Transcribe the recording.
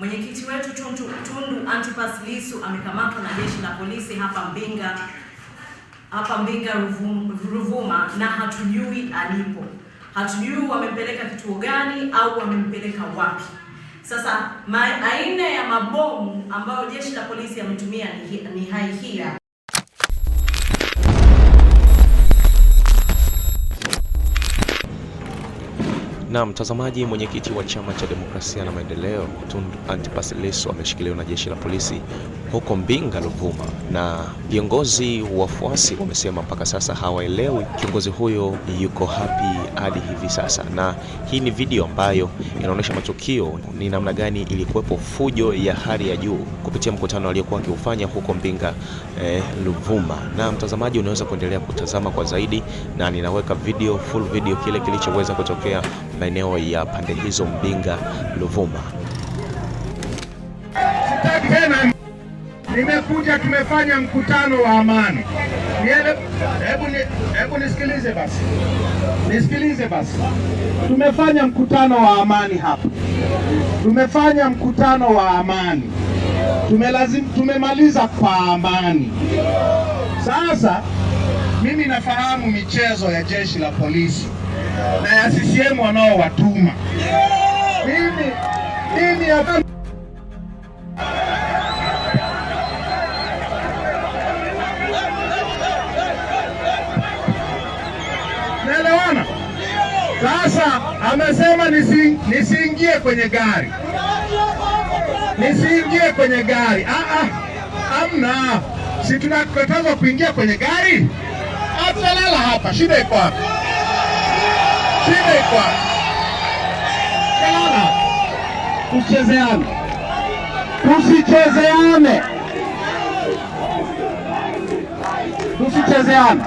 Mwenyekiti wetu Tundu, Tundu Antipas Lissu amekamatwa na jeshi la polisi hapa Mbinga hapa Mbinga Ruvuma, Ruvuma na hatujui alipo, hatujui wamempeleka kituo gani au wamempeleka wapi. Sasa aina ya mabomu ambayo jeshi la polisi yametumia ni, ni haihia Na mtazamaji, mwenyekiti wa chama cha demokrasia na maendeleo Tundu Antipas Lissu ameshikiliwa na jeshi la polisi huko Mbinga Luvuma, na viongozi wafuasi wamesema mpaka sasa hawaelewi kiongozi huyo yuko hapi hadi hivi sasa. Na hii ni video ambayo inaonyesha matukio ni namna gani ilikuwepo fujo ya hali ya juu kupitia mkutano aliyokuwa akiufanya huko Mbinga eh, Luvuma. Na mtazamaji, unaweza kuendelea kutazama kwa zaidi, na ninaweka video full video kile kilichoweza kutokea maeneo ya pande hizo Mbinga, Luvuma. tena, nimekuja tumefanya mkutano wa amani. Hebu nisikilize basi, nisikilize basi. Tumefanya mkutano wa amani hapa, tumefanya mkutano wa amani, tumelazim, tumemaliza kwa amani. Sasa mimi nafahamu michezo ya jeshi la polisi na ya CCM wanaowatuma mimi, mimi hapa naelewana. Sasa amesema nisi, nisiingie kwenye gari nisiingie kwenye gari. Ah, ah, amna, si tunakatazwa kuingia kwenye gari? Atolala hapa, shida iko hapa, shida iko hapa. Kelala, tusichezeane, tusichezeane, tusichezeane.